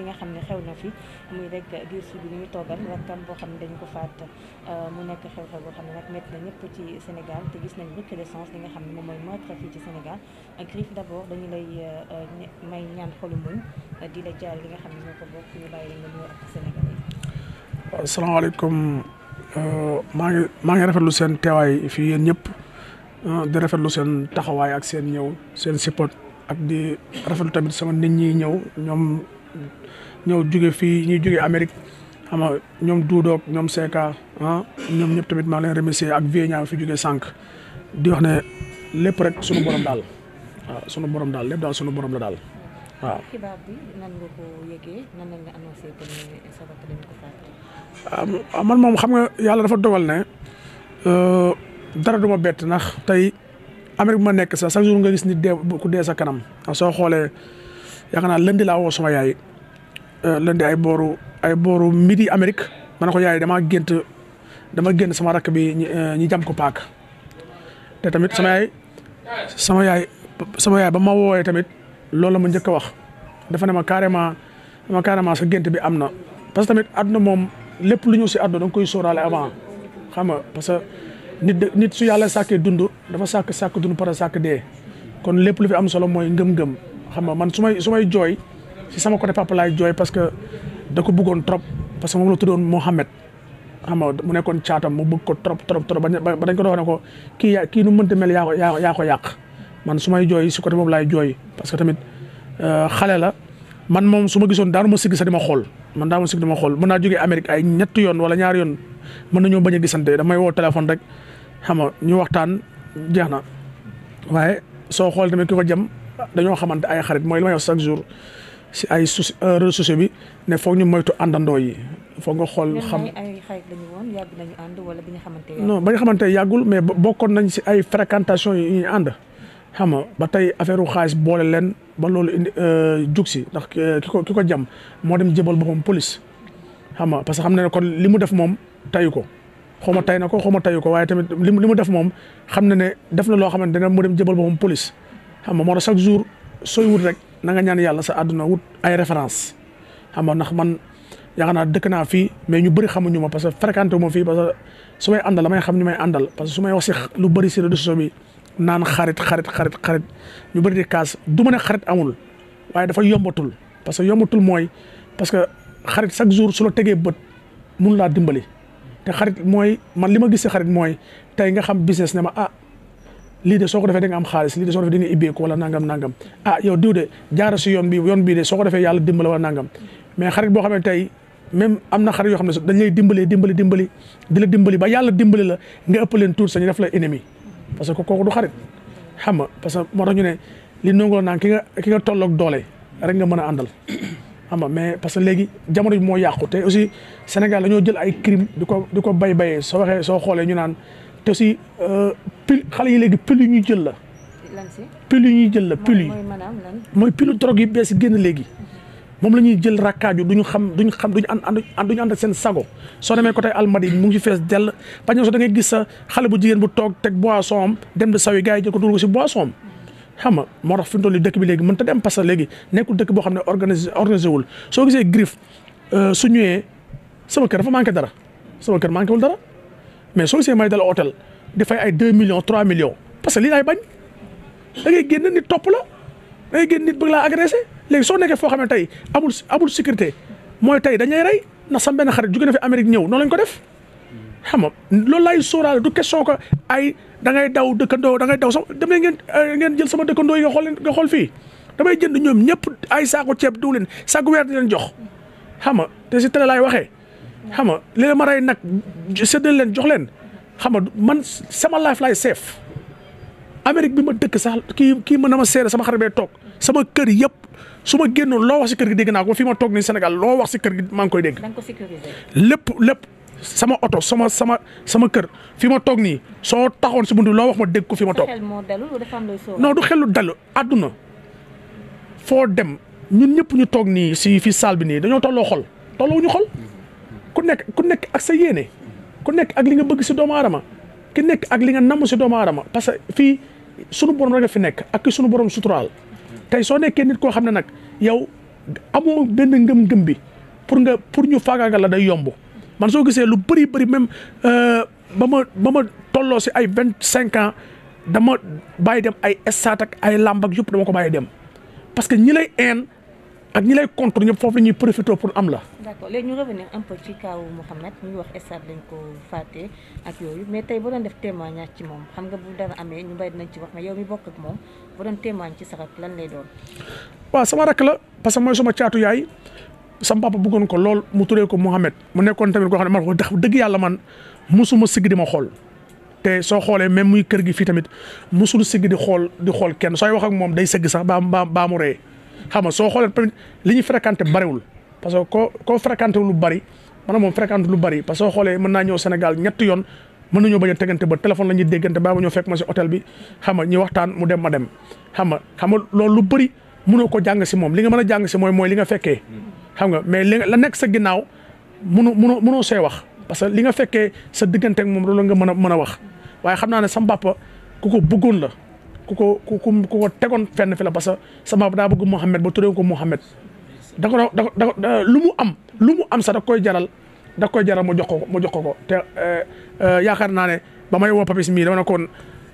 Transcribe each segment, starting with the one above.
li nga xam ne xew na fi muy rek diir si bi ñu toogal rakkam boo xam ne dañu ko faat euh, mu nekk xew-xew boo xam ne nag métti na ñëpp ci Sénégal te gis nañ recrudescence li nga xam ne moom mooy meurtre Sénégal euh, la jaal li nga xam ne ak Sénégal yi. Euh, maa ngi maa ngi rafetlu seen teewaay fii yéen ñëpp di rafetlu seen taxawaay ak seen ñëw seen support ak di rafetlu tamit sama nit ñi ñëw ñoom. Nyo jóge fii ñuy amerik Amérique xam dudo ñoom Seka ah ñoom tebit tamit maa leen remercier ak Vieña fi jóge sank di wax ne lépp rek sunu borom dal waaw sunu borom dal lépp dal sunu borom la daal waaw. xibaar bi nan nga ko nan nga ne sa bakkan ko faat. man mom xam nga yalla dafa dogal ne euh, dara duma ma nak tay tey ma sax jour nga gis nit ku sa kanam so xoolee yaakaar naa lundi laa woo sama yaay euh, lundi ay booru ay booru midi Amerik ma ne ko yaay gentu gént dama génn sama rakk bi euh, ñi jam ko paak te tamit sama yaay sama yaay sama yaay ba ma woowee tamit loolu la ma njëkk a wax dafa ne ma carrément ma carrément sa gént bi amna na parce que tamit àdduna moom lépp lu ñu si àdduna da nga koy sóoraale avant xam nga parce que nit nit su yàlla sàkkee dund dafa sàkk sàkk dund par sak de kon lépp lu fi am solo mooy ngëm-ngëm xam nga man su may joy, si sama côté papa laay joy, parce que da ko bëggoon trop parce que mulut la Muhammad, Mohamed xam nga mu nekkoon mu bëgg ko trop trop trop ba dañ ko doon ne ko kii yaa nu mënta mel yaa ko yaa ko yàq man su joy, jooy si côté boobu laay joy, parce que tamit euh, xale la man moom su ma gisoon daanu ma sigg man daanu ma sigg di ma xool mën naa jógee Amérique ay ñetti yoon wala ñaari yoon mën nañoo bañ a gisante damay woo téléphone rek xam nga ñu waxtaan tamit dañoo xamante ay xarit mooy li may wax chaque jour si ay soci euh, réseaux bi ne foog ñu moytu àndandoo yi foog nga xool. xam ay xarit lañu woon yàgg nañu ànd wala bi nga xamante non ba nga xamante yàggul mais bokkoon nañ si ay fréquentation yi ñuy ànd xam nga ba tey affaire xaalis boole leen ba loolu indi euh, jug si ndax euh, ki ko ki ko jam moo dem jébal boppam police xam nga parce que xam na ne kon li mu def moom tayu ko. xaw ma tay na ko xaw ma tayu ko waaye tamit li li mu def moom xam na ne def na loo xamante ne mu dem jébal boppam police xam nga moo tax chaque jour sooy wut rek na nga ñaan yàlla sa àdduna wut ay référence xam nga ndax man yaakaar naa dëkk naa fii mais ñu bëri ñu ma parce que fréquenté wu ma fii parce que su may àndal damay xam ñu may àndal parce su may wax si lu bëri si réseau bi naan xarit xarit xarit xarit ñu bëri di kaas du ma ne xarit amul waaye dafa yombatul parce que yombatul mooy parce que xarit chaque jour su la tegee bët mun laa dimbali te xarit mooy man li ma gis si xarit mooy tey nga xam business ne ma ah lii de soo ko defee da am xaalis lii de soo ko defee da nga ibbeeku wala nangam nangam ah yow diw de jaara si yoon bi yoon bii de soo ko defee yàlla dimbale wala nangam mais xarit boo xam ne tey même am na xarit yoo xam ne dañ lay dimbali dimbali dimbali di dimbali ba yàlla dimbali la nga ëpp leen tuur sañu def la ennemi parce que kooku du xarit xam nga parce que moo tax ñu ne li nongoo naan ki nga ki nga tolloog doole rek nga mën a àndal xam nga mais parce que léegi jamono bi moo yàqu te aussi Sénégal dañoo jël ay crime di ko di ko bay bayee soo waxee soo xoolee ñu naan te si euh, pil xale yi léegi pil yu ñuy jël la. pil yu ñuy jël la pil yi mooy pilu drogue yi bees génn léegi. moom la ñuy jël rakkaaju du ñu xam du xam du ñu ànd du ñu seen sago soo demee côté Almadi mu ngi ci fees dell pañe soo da ngay gis sa xale bu jigéen bu toog teg boisson am dem di sawi gars yi jël ko dugal ko si boisson am xam nga moo tax fi mu dëkk bi léegi mën ta dem parce que léegi nekkul dëkk boo xam ne organisé organisé wul soo gisee Griff euh, su ñëwee sama kër dafa manqué dara sama kër manqué wul dara. mais soo gisee may dala hôtel di fay ay deux millions trois millions parce que lii laay bañ da ngay génn nit topp loo da ngay génn nit bëgg laa agressé léegi soo nekkee foo xam ne tey amul amul sécurité mooy tey dañuy rey na sam benn xarit jóge na fi Amérique ñëw noonu lañ ko def xam nga loolu lay sóoraale du question que ay da ngay daw dëkkandoo da ngay daw sax damay ngeen euh, ngeen jël sama dëkkandoo yi nga xool nga fii damay jënd ñoom ñëpp ay saako ceeb diwlin saako weer di leen jox xam nga te si télé laay waxee xam nga léeg ma rey nag séddale leen jox leen xam nga man sama life lay seef Amérique bi ma dëkk sax kii kii mën na ma seere sama xarit bee toog sama kër yëpp su ma génnoon loo wax si kër gi dégg naa ko fi ma toog nii loo wax si kër gi maa ngi koy dégg. lépp lépp sama oto sama sama sama kër fi ma toog nii soo taxoon si buntu loo wax ma dégg ko fi ma toog. non du xelu dalu àdduna foo dem ñun ñëpp ñu toog nii si fii salle bi nii dañoo tolloo xol tolloo ñu xol. ku nekk ku nekk ak sa yéene ku nekk ak li nga bëgg si doomu aadama ki nekk ak li nga namm si doomu aadama parce que fii sunu borom rek fi nekk ak sunu borom sutural tey soo nekkee nit koo xam ne nag yow amoo benn ngëm-ngëm bi pour nga pour ñu faagaagal la day yomb man soo gisee lu bëri bëri même euh, ba ma ba ma tolloo si ay 25 ans dama bàyyi dem ay stade ak ay làmb ak yëpp dama ko bàyyi dem parce que ñi lay ak ñi lay contre ñëpp foofu la ñuy profité pour am la. d'accord léegi ñu revenir un peu ci kaw Mouhamed ñu wax stade lañ ko fàtte ak yooyu mais tey boo doon def témoignage ci moom xam nga bu dara amee ñu bari nañ ci wax mais yow mi bokk ak moom lan lay doon. waaw sama rak la parce que mooy sama caatu yaay sa papa bëggoon ko lool mu turee ko Mouhamed mu nekkoon tamit koo xam ne man wax dëgg yàlla man musuma sigg di ma xool. te soo xoolee même muy kër gi fii tamit musul sigg di xool di xool ken sooy wax ak moom day sëgg sax ba ba baa mu ree xam nga soo xoolee tamit li ñu fréquenté bariwul parce que koo koo fréquenté lu bari man moom fréquenté lu bari parce que soo xoolee mën naa ñëw Sénégal ñetti yoon mën nañoo bañ a tegante ba téléphone la ñuy déggante ba ma ñoo fekk ma si hôtel bi xam nga ñu waxtaan mu dem ma dem xam nga xam nga loolu lu bari mënoo ko jàng si moom li nga mën a jàng si mooy mooy li nga fekkee xam nga mais li la nekk sa ginnaaw mënu mënu mënoo see wax parce que li nga fekkee sa diggante ak moom loolu nga mën a mën a wax waaye xam naa ne sa mbàppa ku ko bëggoon la ku ko ku ku ko tegoon fenn fi la parce que sama daa bëgg Mouhamed ba tuddee ko Mouhamed da ko da ko da mu am lumu am sax da koy jaral da koy jaral mu jox ko mu jox ko ko te eh, eh, yaakaar naa ne ba may woo Papis mii dama ne koon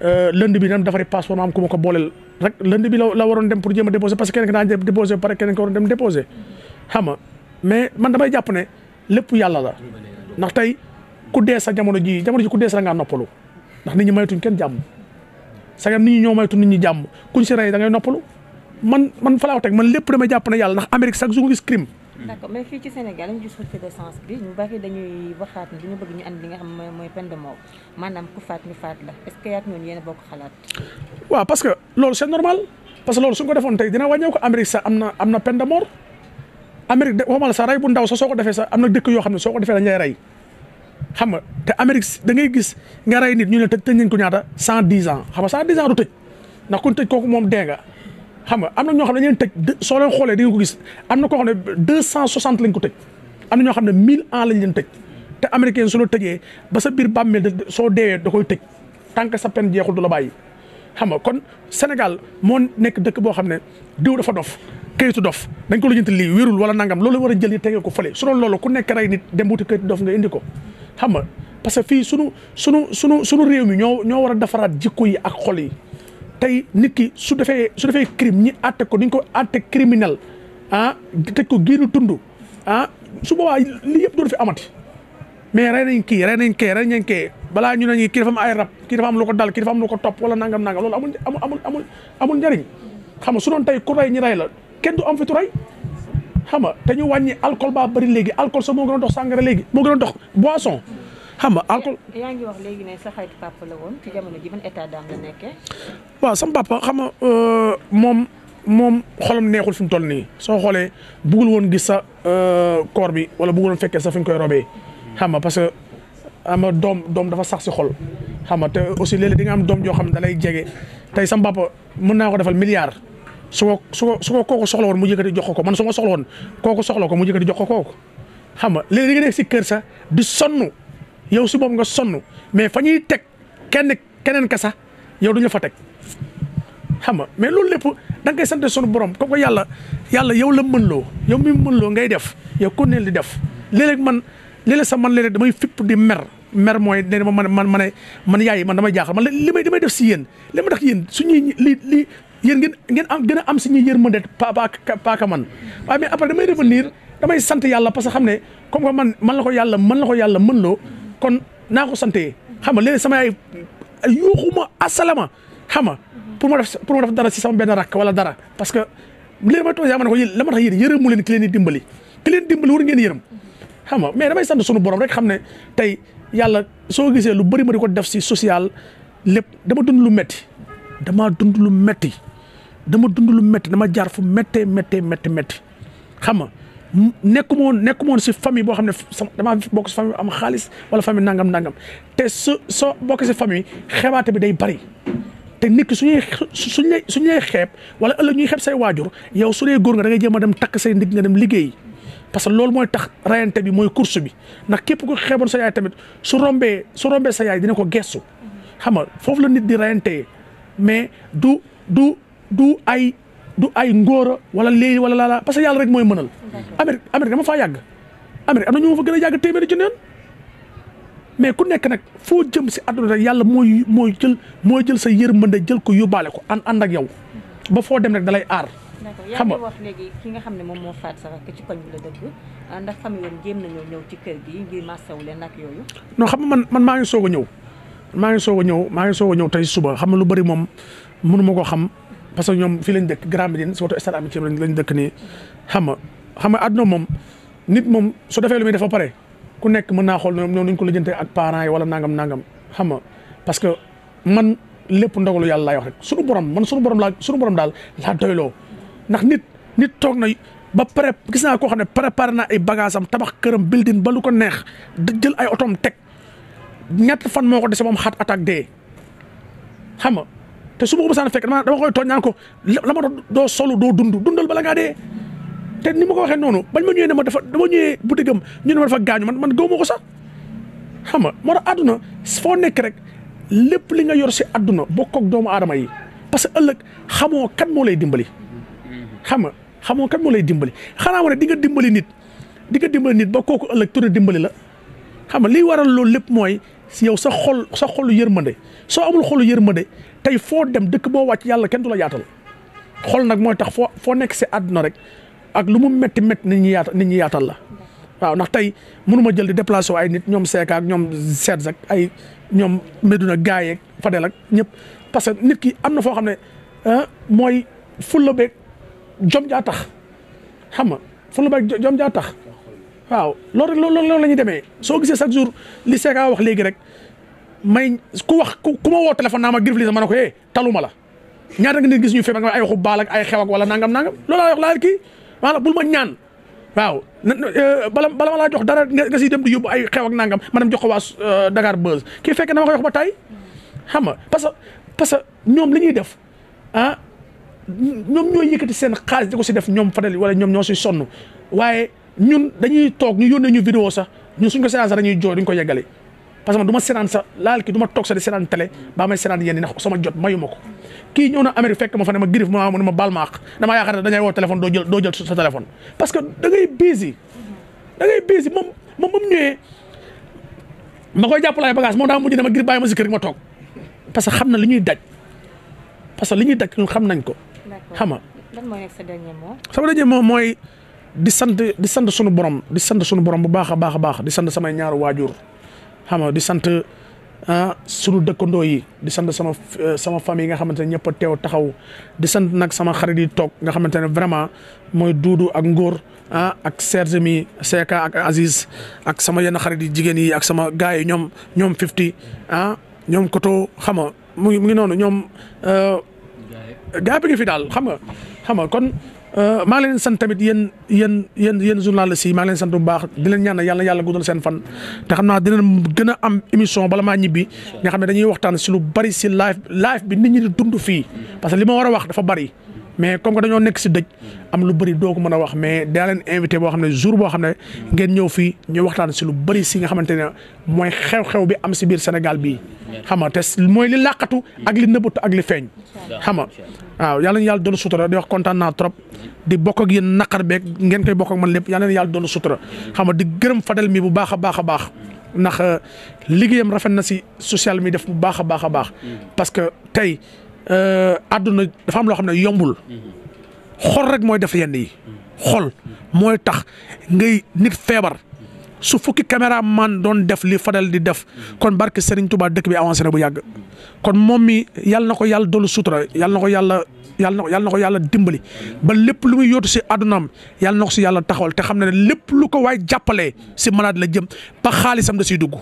eh, lënd bi dem dafari passeport ma am ku ma ko booleel rek lënd bi la la waroon dem pour jéem a déposer parce que keneen ki daan déposer ba pare keneen ki waroon dem déposer xam nga mais man damay jàpp ne lépp yàlla la ndax tey ku dee sa jamono ji jamono ji ku dee sa nga noppalu ndax nit ñi maytuñ kenn jàmm sagam nit ñi ñoo tu nit ñi jamm kuñ ci ray da ngay noppalu man man fa wax tek man lepp dama japp na yalla ndax amerique chaque jour gis crime d'accord mais fi ci sénégal ñu gis fuite de sens bi ñu bari dañuy waxaat ñu bëgg ñu and li nga xam moy peine de mort manam ku faat ñu faat la est ce que yaak ñoon yeena bokk xalaat wa parce que lool c'est normal parce que lool suñ ko defon tay dina wàññeeku amérique sax am amna am peine de mort amerique waxuma la sa ray bu ndaw sa soko defé sa amna dëkk yo xam soko defé dañ lay xam nga te Amérique da ngay gis nga rey ñu ne tëj tëj nañ ko ñaata cent dix ans xam nga cent dix ans du tëj ndax ku kooku moom dee nga xam nga am na ñoo xam ne dañ leen soo leen xoolee di ko gis am na koo xam ne deux cent lañ ko tëj am na ñoo xam ne mille ans lañ leen tëj te américain solo la tëjee ba sa biir bàmmeel soo deewee da koy tëj tant que sa peine jeexul du la bàyyi. xam nga kon Sénégal moo nekk dëkk boo xam ne diw dafa dof këyitu dof dañ ko lu jënt lii wérul wala nangam loolu war a jël yi tege ko fële su loolu ku nekk rey nit dem wuti këyitu dof nga indi ko xam nga parce que fii sunu sunu sunu sunu réew mi ñoo ñoo war a defaraat jikko yi ak xol yi tey nit ki su defee su defee crime ñi àtte ko duñ ko àtte criminel ah tëj ko génn tund ah su boobaa lii yëpp dootu fi amati mais rey nañ kii rey nañ kee rey nañ kee balaa ñu ne kii dafa am ay rab kii dafa am lu ko dal kii dafa am lu ko topp wala nangam nangam loolu amul amul amul amul njëriñ xam nga su doon tey ku rey ñi rey la kenn du am fi tu rey xam nga te ñu wàññi alcool baa bëri léegi alcool sa moo gën a dox sangara léegi moo gën a dox boisson xam nga alcool ya-, yaa ngi wax léegi ne sa xayti papa la woon ci jamono ji ban état d'âme la nekkee waaw sama papa xam nga euh, moom moom xolam neexul fi mu toll nii soo xoolee bugul woon gis sa koor euh, bi wala bugul woon fekkee sa fi ñu koy robee xam nga parce que ama doom doom dafa sax si xol xam nga te aussi léeg-léeg di nga am doom joo xam ne da lay jege tey sama papa mën naa ko defal milliard su su ko soxla woon mu yëkkati jox ko man su ma soxla soxla ko sa di yow nga mais kenn yow duñu fa xam nga mais loolu da borom man man mer mer mooy ne ma man man man yaay man dama jaxal man limay def ci yeen limay tax yeen suñu li li yéen ngeen ngeen am gën am suñu pa pa pa ka man waaye mais après damay revenir damay sante yalla parce que xamne comme ko man man la ko yalla man la ko yalla man lo kon na ko sante xam nga léegi sama yaay yuuxuma assalama xam nga pour ma def pour ma def dara ci sama ben rak wala dara parce que léegi ma toog yaa ma ko yéen la ma tax yéen yërëmu leen ki leen di dimbali ki leen dimbali war ngeen yërëm xam nga mais damay sante sunu borom rek xamne tay yalla so gisee lu bari ma diko def ci social lepp dama dund lu metti damaa dund lu metti dama dund lu metti dama jaar fu méttee méttee métti métti xam nga nekkuma woon nekkuma woon si famille boo xam ne damaa bokk si famille am xaalis wala famille nangam nangam te su soo bokk si famille xeebaate bi day bari te nit ki su ñuy suñ lay suñ lay xeeb wala ëllëg ñuy xeeb say waajur yow su dee góor nga da ngay jéem a dem takk say ndig nga dem liggéey parce que loolu mooy tax rayante bi mooy course bi ndax képp ku xeeboon sa yaay tamit su rombee su rombee sa yaay dina ko gestu xam nga foofu la nit di rayantee mais du du du ay du ay ngóora wala léegi wala laala parce que yàlla rek mooy mënal. Amérique Amérique dama faa yàgg. Amérique am na ñu ma fa gën a yàgg téeméeri ci neen mais ku nekk nag foo jëm si àdduna rek yàlla mooy mooy jël mooy jël sa yërmande jël ko yóbbaale ko ànd ànd ak yow. Mm-hmm. ba foo dem rek dalay aar. xam nga wax léegi ki nga xam ne moom moo faat sa rakk ci koñ bi la dëgg ah, ndax xam yoon jéem nañoo ñëw ci kër gi ngir masawu leen ak yooyu. non xam man man maa ngi soog a ñëw maa ngi soog a ñëw maa ngi soog a ñëw tey suba xam na lu bari moom mënu ko xam parce que ñoom fii lañ dëkk Grand Médine si woto stade Amitié lañ dëkk nii xam nga xam nga àdduna moom nit moom su defee lu muy def pare ku nekk mën naa xool noonu ñu ko lijjantee ak parents yi wala nangam nangam xam nga parce que man lépp ndogalu yàlla laay wax rek suñu borom man suñu borom laa suñu borom daal laa doyloo ndax nit nit toog na ba pare gis naa koo xam ne préparé naa ay bagage am tabax këram building ba lu ko neex jël ay otoom teg ñett fan moo ko dese moom xat attaque dee xam nga te su ma ko mosaan fekk dama koy tooñ naan ko la ma doo solu doo dund dundal bala ngaa dee te ni ma ko waxee noonu bañ ma ñëwee ne ma dafa dama ñëwee butigam ñu ne ma dafa gaañu man man gaw ma ko sax xam nga moo tax àdduna foo nekk rek lépp li nga yor si àdduna bokk ak doomu aadama yi parce que ëllëg xamoo kan moo lay dimbali xam nga xamoo kan moo lay dimbali xanaa ma ne di nga dimbali nit di nga dimbali nit ba kooku ëllëg tudd dimbali la xam nga liy waral loolu lépp mooy si yow sa xol sa xolu yërmande soo amul xolu yërmande tey foo dem dëkk boo wàcc yàlla kenn du la yaatal xol nag mooy tax foo foo nekk si àdduna rek ak lu mu métti métti nit ñi yaata nit ñi yaatal la waaw ndax tey mënuma jël di déplacé ay nit ñoom Seck ak ñoom Seydou ak ay ñoom Meduna Gaye ak Fadel ak ñëpp parce que nit ki am na foo xam ne ah, mooy fulla beeg jom jaa tax xam nga fulla beeg jom jaa tax. waaw loolu rek loolu loolu la ñuy demee soo gisee chaque jour li Seka wax léegi rek may ku wax ku ma woo téléphone naa ma Griff Lissa ma ne ko eh taluma la ñaata nga nit gis ñu feebar nga ay waxu baal ak ay wala nangam nangam loolu laa wax laal kii maanaam bul ma ñaan waaw euh, bala bala laa jox dara nga si dem di yóbbu ay xew ak nangam man dem jox ko waa euh, Dakar Buzz kii fekk na ma koy wax ba tay xam nga parce que parce que ñoom li ñuy def ah ñoom ñooy yëkkati seen xaalis di si def ñoom Fadel wala ñoom ñoo si sonn ñun dañuy toog ñu yónnee ñu vidéo sax ñun suñ ko seetaan sax dañuy jooy duñ ko yeggale parce que man du ma seetaan sax laal ki du ma toog sax di seetaan télé baa may seetaan yenn ndax sama jot mayu ma ko kii que da ngay busy koy jàppalaay bagage moom daa mujj dama girif bàyyi ma si kër rek que xam na li ñuy daj parce que li ñuy daj ñun xam nañ ko xam nga lan mooy nekk sa dernier mot sama dernier mooy di sant di sant sunu borom di sant sunu borom bu baax a baax a baax di sant samay ñaaru waajur xam nga di sant ah sunu dëkkandoo yi di sant sama sama famille yi nga xamante ne ñëpp teew taxaw di sant nag sama xarit yi toog nga xamante ne vraiment mooy duudu ak ngóor ah ak Serge mi Seka ak Aziz ak sama yenn xarit yi jigéen yi ak sama gars yi ñoom ñoom fifty ah ñoom koto xam nga mu ngi mu ngi noonu ñoom. Euh, gars bi ngi fi daal xam nga xam nga kon. Euh, maa ngi leen sant tamit yéen yen yen yéen journaliste si maa ngi leen sant bu baax di leen ñaanal yàlla yàlla guddal seen fan te xam naa dinañ gën a am émission bala maa ñibbi nga xam ne dañuy waxtaan si lu bari si live live bi ni ñi di dundu fii parce que li ma war a wax dafa bari mais comme que dañoo nekk si dëj am lu bëri doo ko mën a wax mais daa leen invité boo xam ne jour boo xam ne ngeen ñëw fii ñu waxtaan si lu bëri si nga xamante ne mooy xew-xew bi am si biir Sénégal bi xam nga te mooy li làqatu ak li nëbbatu ak li feeñ xam nga waaw yàlla ñu yàlla sutura di wax kontaan naa trop di bokk ak yéen naqar ngeen koy bokk ak man lépp yàlla yàlla doon sutura xam nga di gërëm Fadel mii bu baax a baax a baax ndax euh, liggéeyam rafet na si social mi def bu baax a baax a baax mm. parce tey Euh, àdduna dafa am loo xam ne yombul xol rek mooy def yenn yi xol mooy tax ngay nit feebar su fukki caméraman doon def li Fadel di def kon barke Serigne Touba dëkk bi avancé na bu yàgg kon moom mi yàlla na ko yàlla dolli sutura yàlla na ko yàlla yàlla na ko yàlla dimbali ba lépp lu muy yootu si àddunaam yàlla na ko si yàlla taxawal te xam ne lépp lu ko waay jàppale si malade la jëm ba xaalisam da siy dugg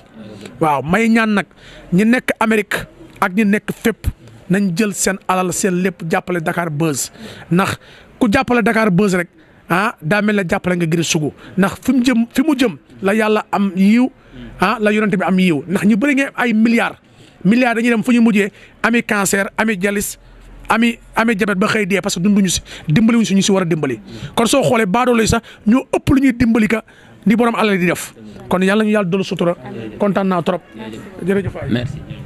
waaw may ñaan nag ñi nekk Amérique ak ñi nekk fépp. nañ jël seen alal seen lépp jàppale Dakar Buzz ndax ku jàppale dakaar Buzz rek ah daa jàppale nga Gris Sougou ndax fi mu jëm fi mu jëm la yàlla am yiw ah la yonent bi am yiw ndax ñu bëri ngeen ay milliards milliards dañuy dem fu ñu mujjee ami cancer ami dialyse ami ami jabet ba xëy dee parce que ñu si dimbaliwuñ si ñu si war a dimbali kon soo xoolee baadoolo yi sax ñoo ëpp lu ñuy dimbali ka ni borom alal di def kon yàlla ñu yàlla dolli sutura kontaan naa trop jërëjëf